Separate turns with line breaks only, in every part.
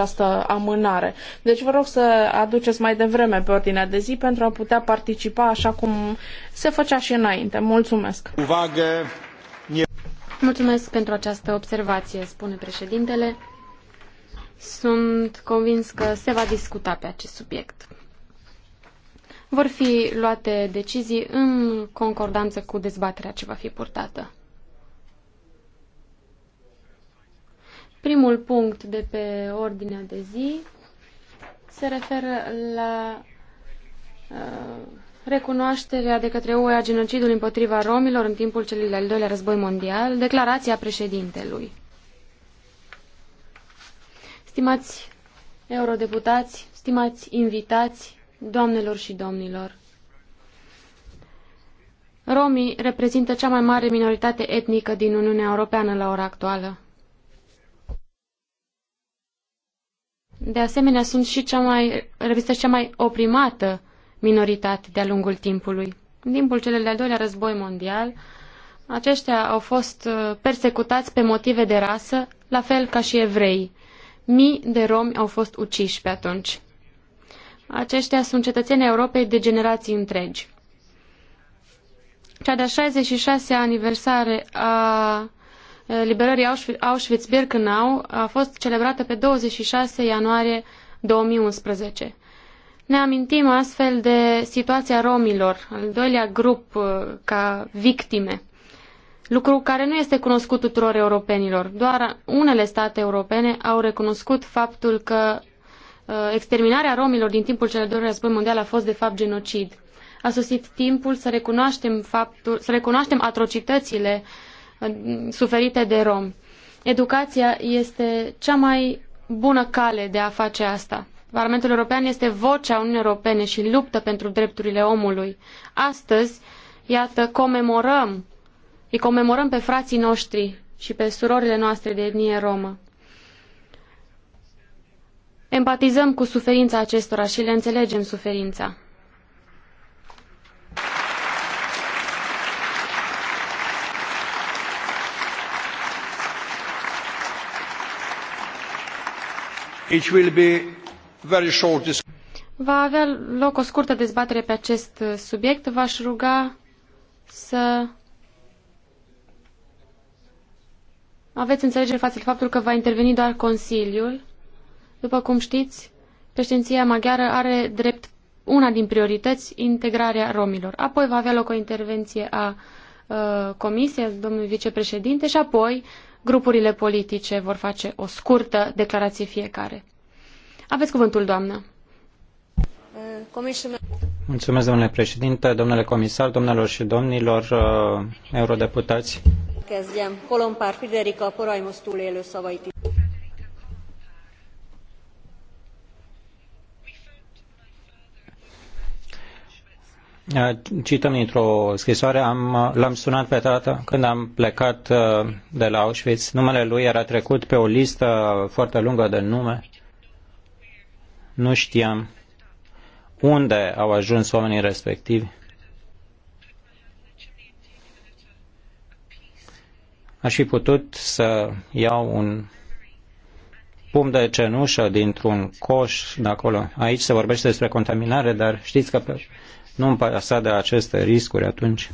această amânare. Deci vă rog să aduceți mai devreme pe ordinea de zi pentru a putea
participa așa cum se făcea și înainte. Mulțumesc! Uvagă. Mulțumesc pentru această observație, spune președintele. Sunt convins că se va discuta pe acest subiect. Vor fi luate decizii în concordanță cu dezbaterea ce va fi purtată. Primul punct de pe ordinea de zi se referă la uh, recunoașterea de către UE a genocidului împotriva romilor în timpul celui de-al doilea război mondial, declarația președintelui. Stimați eurodeputați, stimați invitați, doamnelor și domnilor, romii reprezintă cea mai mare minoritate etnică din Uniunea Europeană la ora actuală. De asemenea, sunt și cea mai, reprezintă cea mai oprimată minoritate de-a lungul timpului. În timpul celui de-al doilea război mondial, aceștia au fost uh, persecutați pe motive de rasă, la fel ca și evrei. Mii de romi au fost uciși pe atunci. Aceștia sunt cetățenii Europei de generații întregi. Cea de-a 66-a aniversare a liberării Auschwitz-Birkenau a fost celebrată pe 26 ianuarie 2011. Ne amintim astfel de situația romilor, al doilea grup uh, ca victime, lucru care nu este cunoscut tuturor europenilor. Doar unele state europene au recunoscut faptul că uh, exterminarea romilor din timpul celor de război mondial a fost de fapt genocid. A sosit timpul să recunoaștem, faptul, să recunoaștem atrocitățile uh, suferite de romi. Educația este cea mai bună cale de a face asta. Parlamentul European este vocea Uniunii Europene și luptă pentru drepturile omului. Astăzi, iată, comemorăm, îi comemorăm pe frații noștri și pe surorile noastre de etnie romă. Empatizăm cu suferința acestora și le înțelegem suferința. Va avea loc o scurtă dezbatere pe acest subiect. V-aș ruga să aveți înțelegere față de faptul că va interveni doar Consiliul. După cum știți, președinția maghiară are drept una din priorități integrarea romilor. Apoi va avea loc o intervenție a uh, Comisiei, domnului vicepreședinte, și apoi grupurile politice vor face o scurtă declarație fiecare. Aveți cuvântul, doamnă.
Mulțumesc, domnule președinte, domnule comisar, domnilor și domnilor uh, eurodeputați. cităm dintr-o scrisoare, am, l-am sunat pe tată când am plecat uh, de la Auschwitz. Numele lui era trecut pe o listă foarte lungă de nume. Nu știam unde au ajuns oamenii respectivi. Aș fi putut să iau un pum de cenușă dintr-un coș de acolo. Aici se vorbește despre contaminare, dar știți că pe nu îmi păsa de aceste riscuri atunci.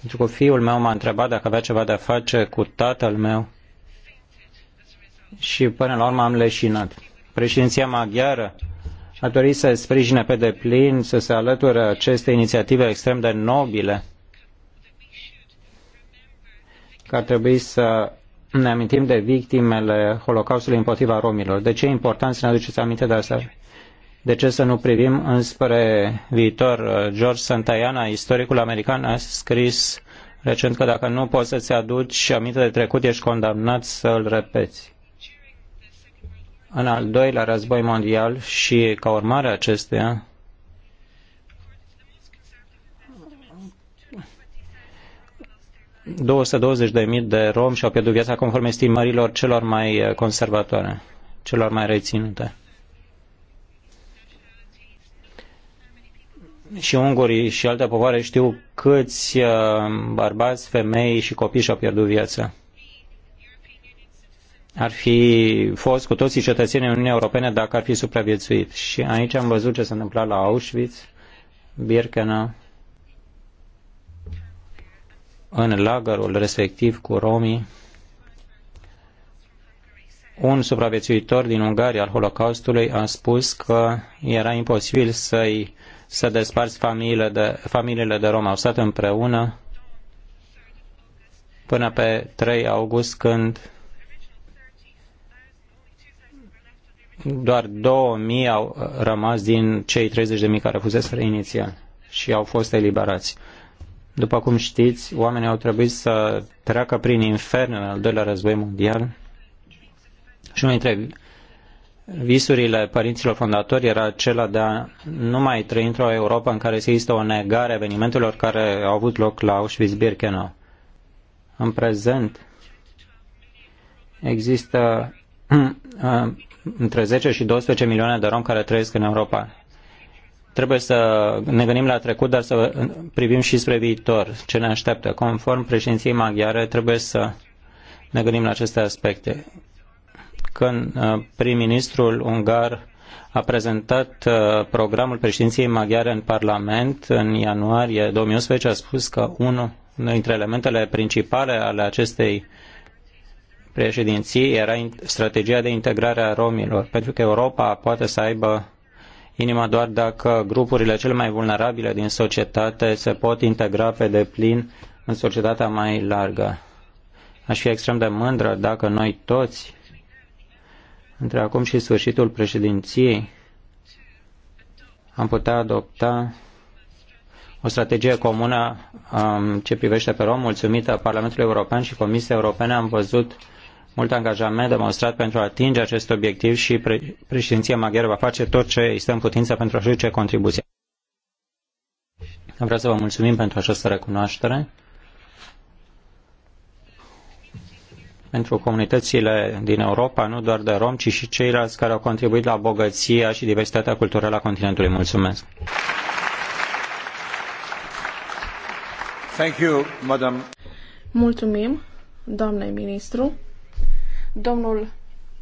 Pentru că fiul meu m-a întrebat dacă avea ceva de a face cu tatăl meu și până la urmă am leșinat. Președinția maghiară a dorit să sprijine pe deplin, să se alăture aceste inițiative extrem de nobile, că ar trebui să ne amintim de victimele Holocaustului împotriva romilor. De ce e important să ne aduceți aminte de asta? De ce să nu privim înspre viitor? George Santayana, istoricul american, a scris recent că dacă nu poți să-ți aduci aminte de trecut, ești condamnat să l repeți. În al doilea război mondial și ca urmare a de mii de romi și-au pierdut viața conform estimărilor celor mai conservatoare, celor mai reținute. și ungurii și alte popoare știu câți uh, bărbați, femei și copii și-au pierdut viața. Ar fi fost cu toții cetățenii Uniunii Europene dacă ar fi supraviețuit. Și aici am văzut ce s-a întâmplat la Auschwitz, Birkenau, în lagărul respectiv cu romii. Un supraviețuitor din Ungaria al Holocaustului a spus că era imposibil să-i să desparți familiile de, familiile de Roma. Au stat împreună până pe 3 august când doar 2000 au rămas din cei 30.000 care fuseseră inițial și au fost eliberați. După cum știți, oamenii au trebuit să treacă prin infernul al doilea război mondial și unul dintre Visurile părinților fondatori era acela de a nu mai trăi într-o Europa în care există o negare a evenimentelor care au avut loc la Auschwitz-Birkenau. În prezent există uh, între 10 și 12 milioane de romi care trăiesc în Europa trebuie să ne gândim la trecut, dar să privim și spre viitor, ce ne așteaptă. Conform președinției maghiare, trebuie să ne gândim la aceste aspecte când uh, prim-ministrul ungar a prezentat uh, programul președinției maghiare în Parlament în ianuarie 2011, a spus că unul dintre elementele principale ale acestei președinții era strategia de integrare a romilor, pentru că Europa poate să aibă inima doar dacă grupurile cele mai vulnerabile din societate se pot integra pe deplin în societatea mai largă. Aș fi extrem de mândră dacă noi toți între acum și sfârșitul președinției am putea adopta o strategie comună um, ce privește pe Rom, mulțumită Parlamentului European și Comisiei Europene, am văzut mult angajament demonstrat pentru a atinge acest obiectiv și pre- președinția maghiară va face tot ce este în putință pentru a-și duce contribuția. Vreau să vă mulțumim pentru această recunoaștere. pentru comunitățile din Europa, nu doar de rom, ci și ceilalți care au contribuit la bogăția și diversitatea culturală a continentului. Mulțumesc! Thank you, madam.
Mulțumim, doamnei ministru. Domnul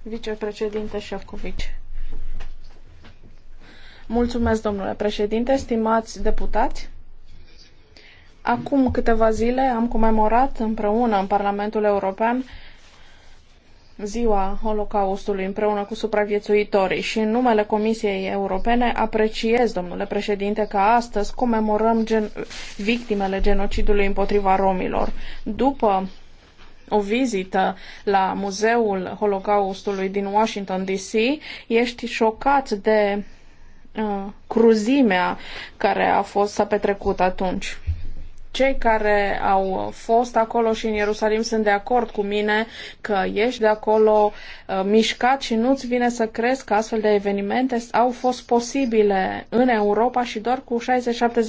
vicepreședinte Șefcovic. Mulțumesc, domnule președinte, stimați deputați. Acum câteva zile am comemorat împreună în Parlamentul European ziua Holocaustului împreună cu supraviețuitorii și în numele Comisiei Europene apreciez, domnule președinte, că astăzi comemorăm gen- victimele genocidului împotriva romilor. După o vizită la Muzeul Holocaustului din Washington DC, ești șocat de uh, cruzimea care a fost s-a petrecut atunci cei care au fost acolo și în Ierusalim sunt de acord cu mine că ești de acolo uh, mișcat și nu-ți vine să crezi că astfel de evenimente au fost posibile în Europa și doar cu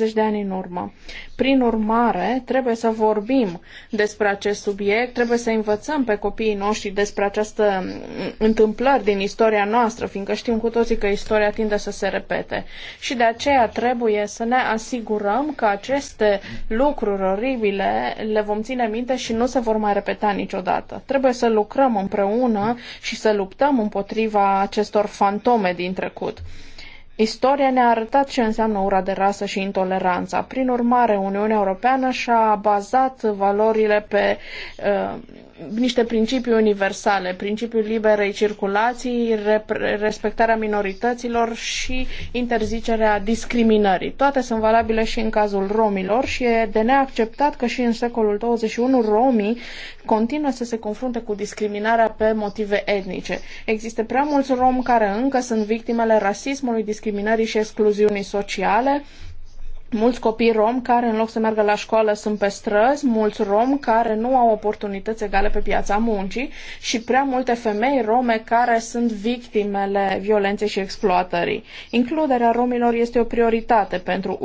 60-70 de ani în urmă. Prin urmare, trebuie să vorbim despre acest subiect, trebuie să învățăm pe copiii noștri despre această mm, întâmplări din istoria noastră, fiindcă știm cu toții că istoria tinde să se repete. Și de aceea trebuie să ne asigurăm că aceste lucruri lucruri oribile le vom ține minte și nu se vor mai repeta niciodată. Trebuie să lucrăm împreună și să luptăm împotriva acestor fantome din trecut. Istoria ne-a arătat ce înseamnă ura de rasă și intoleranța. Prin urmare, Uniunea Europeană și-a bazat valorile pe uh, niște principii universale, principiul liberei circulații, respectarea minorităților și interzicerea discriminării. Toate sunt valabile și în cazul romilor și e de neacceptat că și în secolul 21 romii continuă să se confrunte cu discriminarea pe motive etnice. Există prea mulți romi care încă sunt victimele rasismului, discriminării discriminării și excluziunii sociale, mulți copii rom care în loc să meargă la școală sunt pe străzi, mulți rom care nu au oportunități egale pe piața muncii și prea multe femei rome care sunt victimele violenței și exploatării. Includerea romilor este o prioritate pentru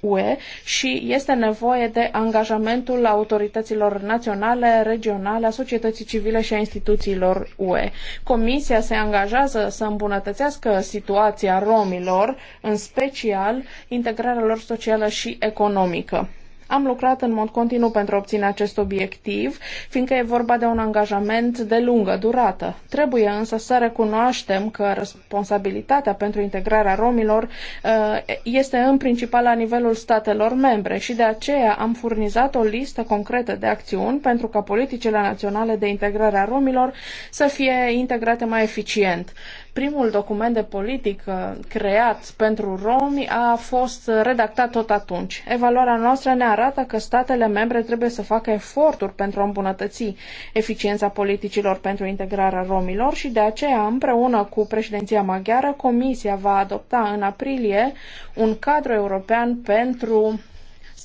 UE și este nevoie de angajamentul autorităților naționale, regionale, a societății civile și a instituțiilor UE. Comisia se angajează să îmbunătățească situația romilor, în special integrarea lor socială și economică. Am lucrat în mod continuu pentru a obține acest obiectiv, fiindcă e vorba de un angajament de lungă durată. Trebuie însă să recunoaștem că responsabilitatea pentru integrarea romilor uh, este în principal la nivelul statelor membre și de aceea am furnizat o listă concretă de acțiuni pentru ca politicile naționale de integrare a romilor să fie integrate mai eficient primul document de politică creat pentru romi a fost redactat tot atunci. Evaluarea noastră ne arată că statele membre trebuie să facă eforturi pentru a îmbunătăți eficiența politicilor pentru integrarea romilor și de aceea, împreună cu președinția maghiară, Comisia va adopta în aprilie un cadru european pentru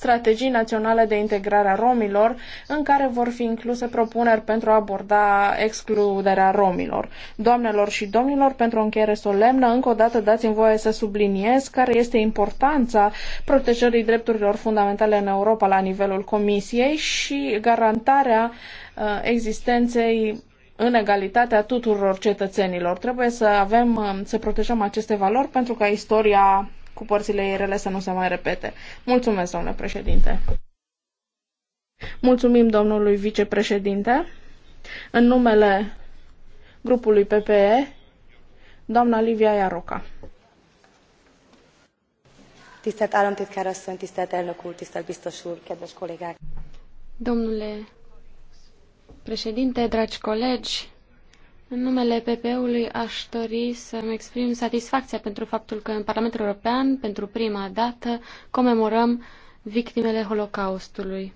strategii naționale de integrare a romilor, în care vor fi incluse propuneri pentru a aborda excluderea romilor. Doamnelor și domnilor, pentru o încheiere solemnă, încă o dată dați-mi voie să subliniez care este importanța protejării drepturilor fundamentale în Europa la nivelul Comisiei și garantarea uh, existenței în egalitatea tuturor cetățenilor. Trebuie să avem, uh, să protejăm aceste valori pentru ca istoria cu părțile ei rele să nu se mai repete. Mulțumesc, domnule președinte. Mulțumim domnului vicepreședinte. În numele grupului PPE, doamna Livia Iaroca.
Tisztelt államtitkár asszony, tisztelt elnök úr, tisztelt biztos úr, kedves kollégák! Domnule președinte, dragi colegi, în numele ppe ului aș dori să-mi exprim satisfacția pentru faptul că în Parlamentul European, pentru prima dată, comemorăm victimele Holocaustului,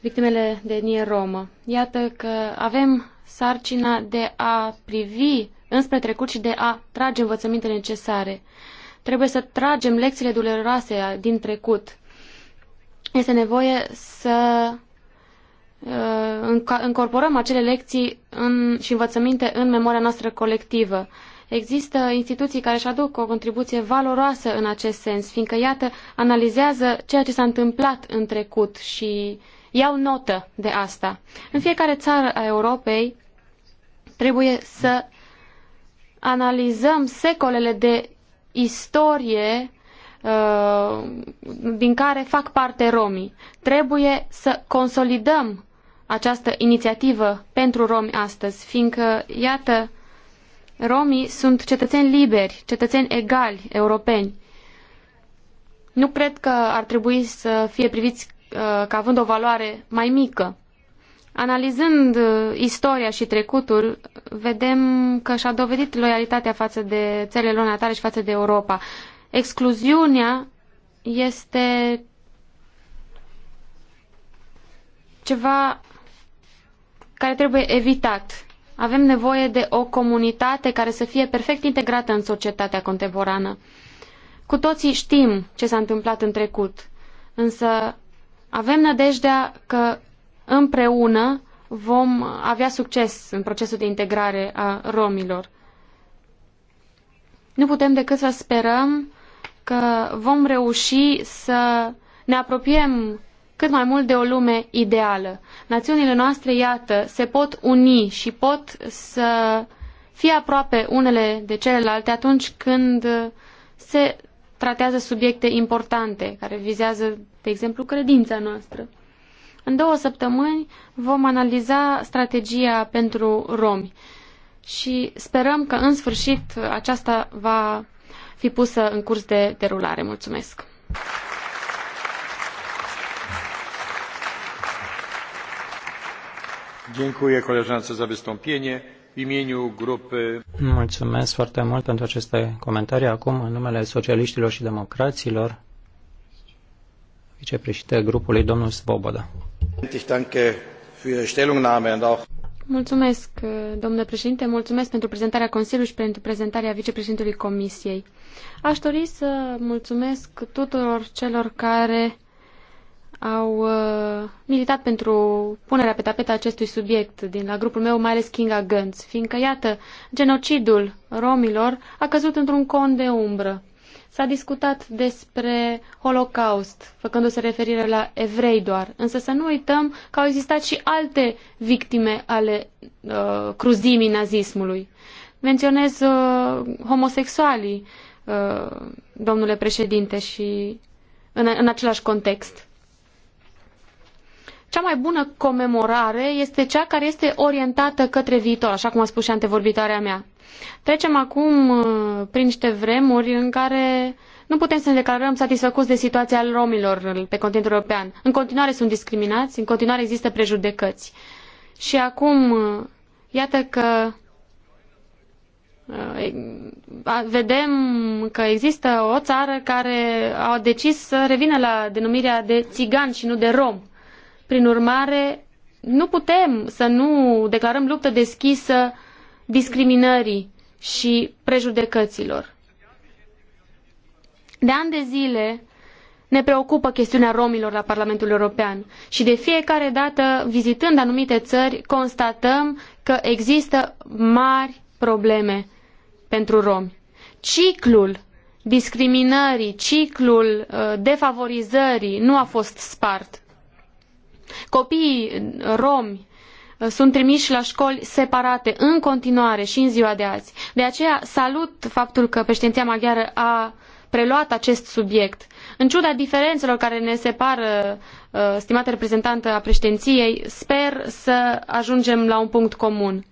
victimele de etnie romă. Iată că avem sarcina de a privi înspre trecut și de a trage învățămintele necesare. Trebuie să tragem lecțiile dureroase din trecut. Este nevoie să Uh, încorporăm acele lecții în, și învățăminte în memoria noastră colectivă. Există instituții care își aduc o contribuție valoroasă în acest sens, fiindcă, iată, analizează ceea ce s-a întâmplat în trecut și iau notă de asta. În fiecare țară a Europei trebuie să analizăm secolele de istorie uh, din care fac parte romii. Trebuie să consolidăm această inițiativă pentru romi astăzi, fiindcă, iată, romii sunt cetățeni liberi, cetățeni egali, europeni. Nu cred că ar trebui să fie priviți uh, ca având o valoare mai mică. Analizând uh, istoria și trecutul, vedem că și-a dovedit loialitatea față de țările lor natale și față de Europa. Excluziunea este ceva care trebuie evitat. Avem nevoie de o comunitate care să fie perfect integrată în societatea contemporană. Cu toții știm ce s-a întâmplat în trecut, însă avem nădejdea că împreună vom avea succes în procesul de integrare a romilor. Nu putem decât să sperăm că vom reuși să ne apropiem cât mai mult de o lume ideală. Națiunile noastre, iată, se pot uni și pot să fie aproape unele de celelalte atunci când se tratează subiecte importante, care vizează, de exemplu, credința noastră. În două săptămâni vom analiza strategia pentru romi și sperăm că, în sfârșit, aceasta va fi pusă în curs de derulare. Mulțumesc!
Mulțumesc foarte mult pentru aceste comentarii. Acum, în numele socialiștilor și democraților, vicepreședintele grupului, domnul Svoboda.
Mulțumesc, domnule președinte, mulțumesc pentru prezentarea Consiliului și pentru prezentarea vicepreședintelui Comisiei. Aș dori să mulțumesc tuturor celor care au uh, militat pentru punerea pe tapet acestui subiect din la grupul meu, mai ales Kinga Gânț, fiindcă, iată, genocidul romilor a căzut într-un con de umbră. S-a discutat despre Holocaust, făcându-se referire la evrei doar, însă să nu uităm că au existat și alte victime ale uh, cruzimii nazismului. Menționez uh, homosexualii, uh, domnule președinte, și în, în același context. Cea mai bună comemorare este cea care este orientată către viitor, așa cum a spus și antevorbitoarea mea. Trecem acum uh, prin niște vremuri în care nu putem să ne declarăm satisfăcuți de situația romilor pe continentul european. În continuare sunt discriminați, în continuare există prejudecăți. Și acum, uh, iată că uh, vedem că există o țară care a decis să revină la denumirea de țigan și nu de rom. Prin urmare, nu putem să nu declarăm luptă deschisă discriminării și prejudecăților. De ani de zile ne preocupă chestiunea romilor la Parlamentul European și de fiecare dată, vizitând anumite țări, constatăm că există mari probleme pentru romi. Ciclul discriminării, ciclul uh, defavorizării nu a fost spart Copiii uh, romi uh, sunt trimiși la școli separate în continuare și în ziua de azi. De aceea salut faptul că președinția maghiară a preluat acest subiect. În ciuda diferențelor care ne separă, uh, stimată reprezentantă a președinției, sper să ajungem la un punct comun.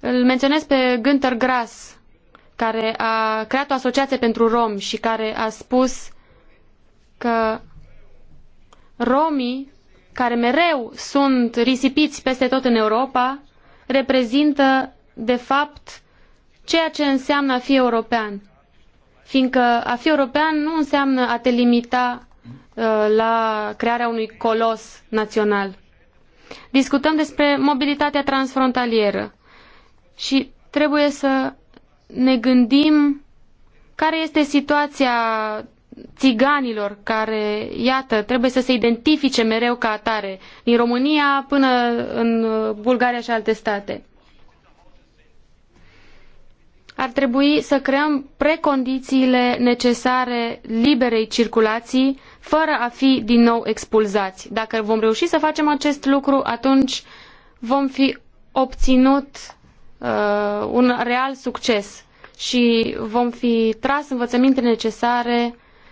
Îl menționez pe Günther Grass, care a creat o asociație pentru romi și care a spus că romii, care mereu sunt risipiți peste tot în Europa, reprezintă, de fapt, ceea ce înseamnă a fi european. Fiindcă a fi european nu înseamnă a te limita uh, la crearea unui colos național. Discutăm despre mobilitatea transfrontalieră și trebuie să ne gândim care este situația țiganilor care, iată, trebuie să se identifice mereu ca atare, din România până în uh, Bulgaria și alte state. Ar trebui să creăm precondițiile necesare liberei circulații, fără a fi din nou expulzați. Dacă vom reuși să facem acest lucru, atunci vom fi obținut uh, un real succes și vom fi tras învățămintele necesare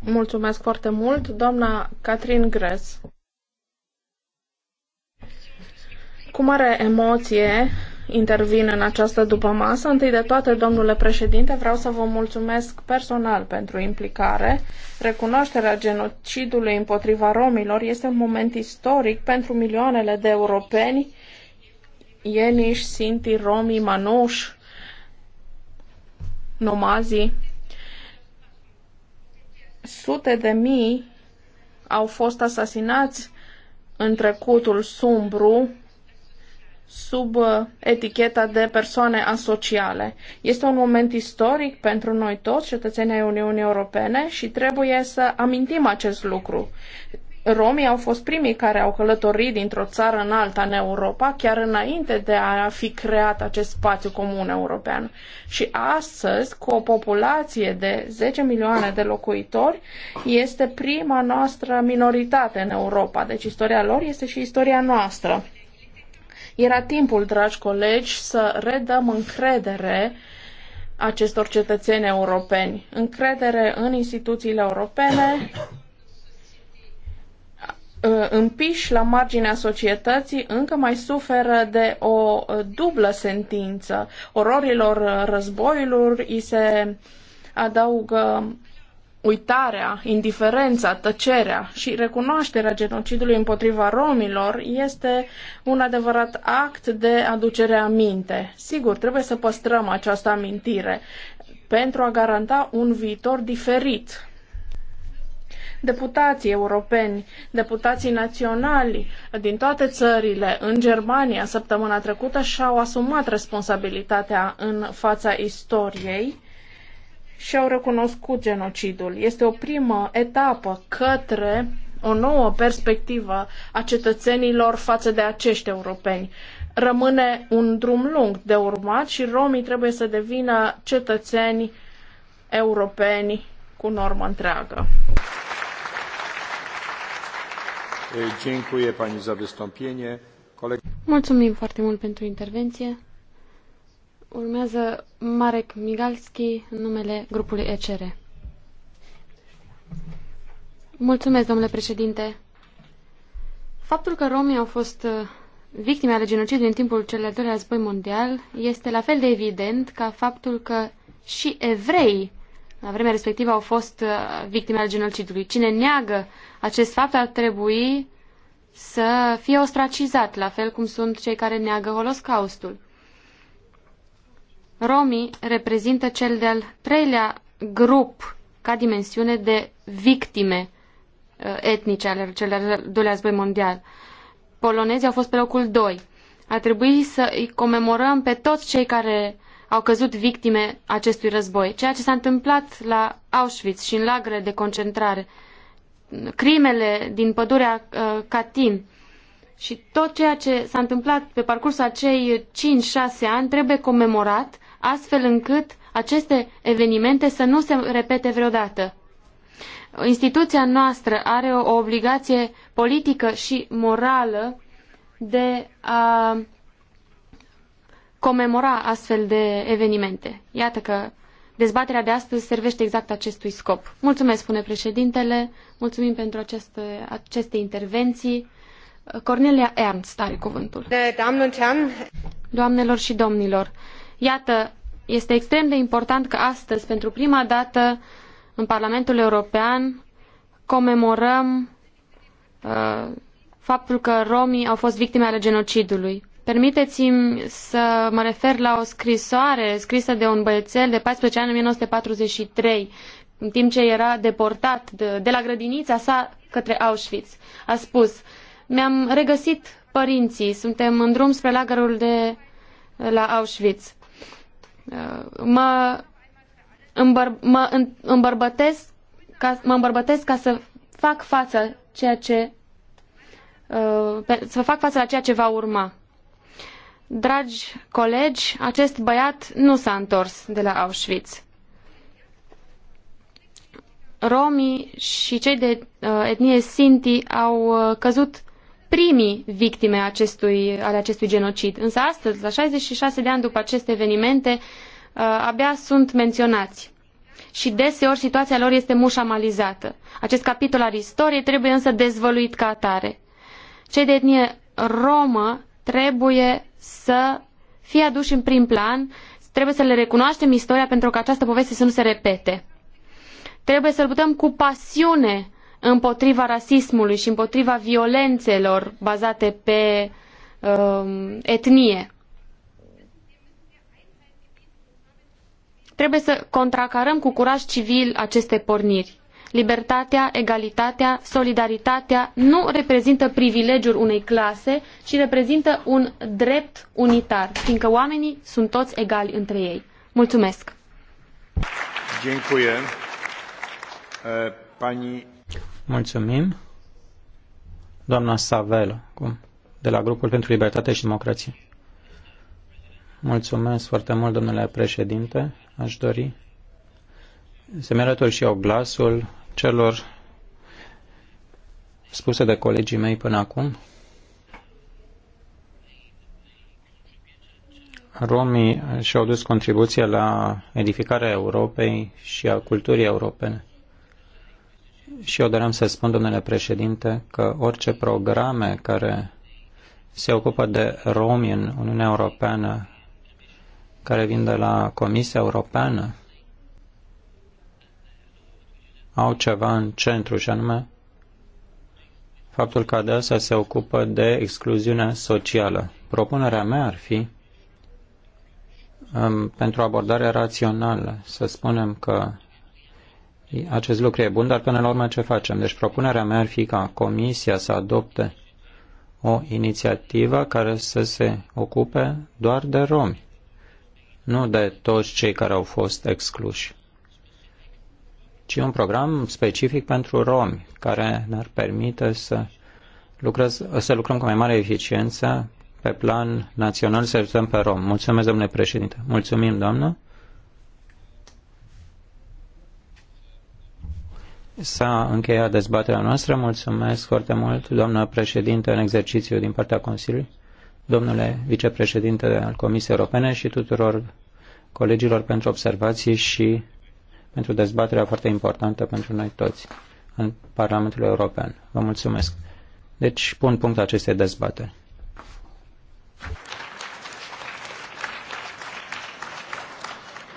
Mulțumesc foarte mult, doamna Catherine Gres. Cu mare emoție intervin în această dupămasă. Întâi de toate, domnule președinte, vreau să vă mulțumesc personal pentru implicare. Recunoașterea genocidului împotriva romilor este un moment istoric pentru milioanele de europeni, ieniși, sinti, romi, manuși, nomazii. Sute de mii au fost asasinați în trecutul sumbru sub uh, eticheta de persoane asociale. Este un moment istoric pentru noi toți, cetățenii ai Uniunii Europene, și trebuie să amintim acest lucru. Romii au fost primii care au călătorit dintr-o țară în alta în Europa, chiar înainte de a fi creat acest spațiu comun european. Și astăzi, cu o populație de 10 milioane de locuitori, este prima noastră minoritate în Europa. Deci istoria lor este și istoria noastră. Era timpul, dragi colegi, să redăm încredere acestor cetățeni europeni, încredere în instituțiile europene, Uh, împiși la marginea societății încă mai suferă de o uh, dublă sentință. Ororilor uh, războiilor îi se adaugă uitarea, indiferența, tăcerea și recunoașterea genocidului împotriva romilor este un adevărat act de aducere a minte. Sigur, trebuie să păstrăm această amintire pentru a garanta un viitor diferit Deputații europeni, deputații naționali din toate țările, în Germania, săptămâna trecută, și-au asumat responsabilitatea în fața istoriei și au recunoscut genocidul. Este o primă etapă către o nouă perspectivă a cetățenilor față de acești europeni. Rămâne un drum lung de urmat și romii trebuie să devină cetățeni europeni cu normă întreagă.
Mulțumim foarte mult pentru intervenție. Urmează Marek Migalski în numele grupului ECR. Mulțumesc, domnule președinte. Faptul că romii au fost uh, victime ale genocidului în timpul cel al doilea război mondial este la fel de evident ca faptul că și evrei la vremea respectivă au fost uh, victime ale genocidului. Cine neagă acest fapt ar trebui să fie ostracizat, la fel cum sunt cei care neagă Holocaustul. Romii reprezintă cel de-al treilea grup ca dimensiune de victime uh, etnice ale celor de-al doilea război mondial. Polonezii au fost pe locul 2. Ar trebui să îi comemorăm pe toți cei care au căzut victime acestui război. Ceea ce s-a întâmplat la Auschwitz și în lagăre de concentrare, crimele din pădurea uh, Katyn și tot ceea ce s-a întâmplat pe parcursul acei 5-6 ani trebuie comemorat astfel încât aceste evenimente să nu se repete vreodată. Instituția noastră are o obligație politică și morală de a comemora astfel de evenimente. Iată că dezbaterea de astăzi servește exact acestui scop. Mulțumesc, spune președintele, mulțumim pentru aceste, aceste intervenții. Cornelia Ernst are cuvântul. Doamnelor și domnilor, iată, este extrem de important că astăzi, pentru prima dată, în Parlamentul European, comemorăm uh, faptul că romii au fost victime ale genocidului. Permiteți-mi să mă refer la o scrisoare scrisă de un băiețel de 14 ani în 1943, în timp ce era deportat de, de la grădinița sa către Auschwitz. A spus, mi-am regăsit părinții, suntem în drum spre lagărul de la Auschwitz. Uh, mă, îmbăr, mă, îmbărbătesc, ca, mă îmbărbătesc ca să fac față ceea ce uh, să fac față la ceea ce va urma. Dragi colegi, acest băiat nu s-a întors de la Auschwitz. Romii și cei de uh, etnie Sinti au uh, căzut primii victime acestui, ale acestui genocid. Însă astăzi, la 66 de ani după aceste evenimente, uh, abia sunt menționați. Și deseori situația lor este mușamalizată. Acest capitol al istoriei trebuie însă dezvăluit ca atare. Cei de etnie romă trebuie să fie aduși în prim plan. Trebuie să le recunoaștem istoria pentru că această poveste să nu se repete. Trebuie să luptăm cu pasiune împotriva rasismului și împotriva violențelor bazate pe um, etnie. Trebuie să contracarăm cu curaj civil aceste porniri. Libertatea, egalitatea, solidaritatea nu reprezintă privilegiul unei clase, ci reprezintă un drept unitar, fiindcă oamenii sunt toți egali între ei. Mulțumesc!
Mulțumim! Doamna Savela, de la Grupul pentru Libertate și Democrație. Mulțumesc foarte mult, domnule președinte. Aș dori se mi și eu glasul celor spuse de colegii mei până acum. Romii și-au dus contribuția la edificarea Europei și a culturii europene. Și eu doream să spun, domnule președinte, că orice programe care se ocupă de romi în Uniunea Europeană, care vin de la Comisia Europeană, au ceva în centru și anume faptul că adesea se ocupă de excluziunea socială. Propunerea mea ar fi um, pentru abordare rațională, să spunem că acest lucru e bun, dar până la urmă ce facem? Deci propunerea mea ar fi ca Comisia să adopte o inițiativă care să se ocupe doar de romi, nu de toți cei care au fost excluși ci un program specific pentru romi, care ne-ar permite să, lucrez, să lucrăm cu mai mare eficiență pe plan național să ajutăm pe rom. Mulțumesc, domnule președinte. Mulțumim, doamnă. S-a încheiat dezbaterea noastră. Mulțumesc foarte mult, doamnă președinte, în exercițiu din partea Consiliului, domnule vicepreședinte al Comisiei Europene și tuturor colegilor pentru observații și pentru dezbaterea foarte importantă pentru noi toți în Parlamentul European. Vă mulțumesc. Deci pun punct acestei dezbateri.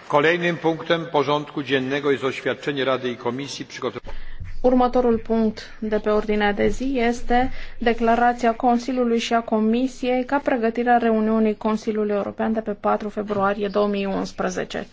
Kolejnym punktem porządku dziennego jest oświadczenie Rady i Komisji przygotowane.
Următorul punct de pe ordinea de zi este declarația Consiliului
și a Comisiei ca pregătirea reuniunii Consiliului European de pe 4 februarie 2011.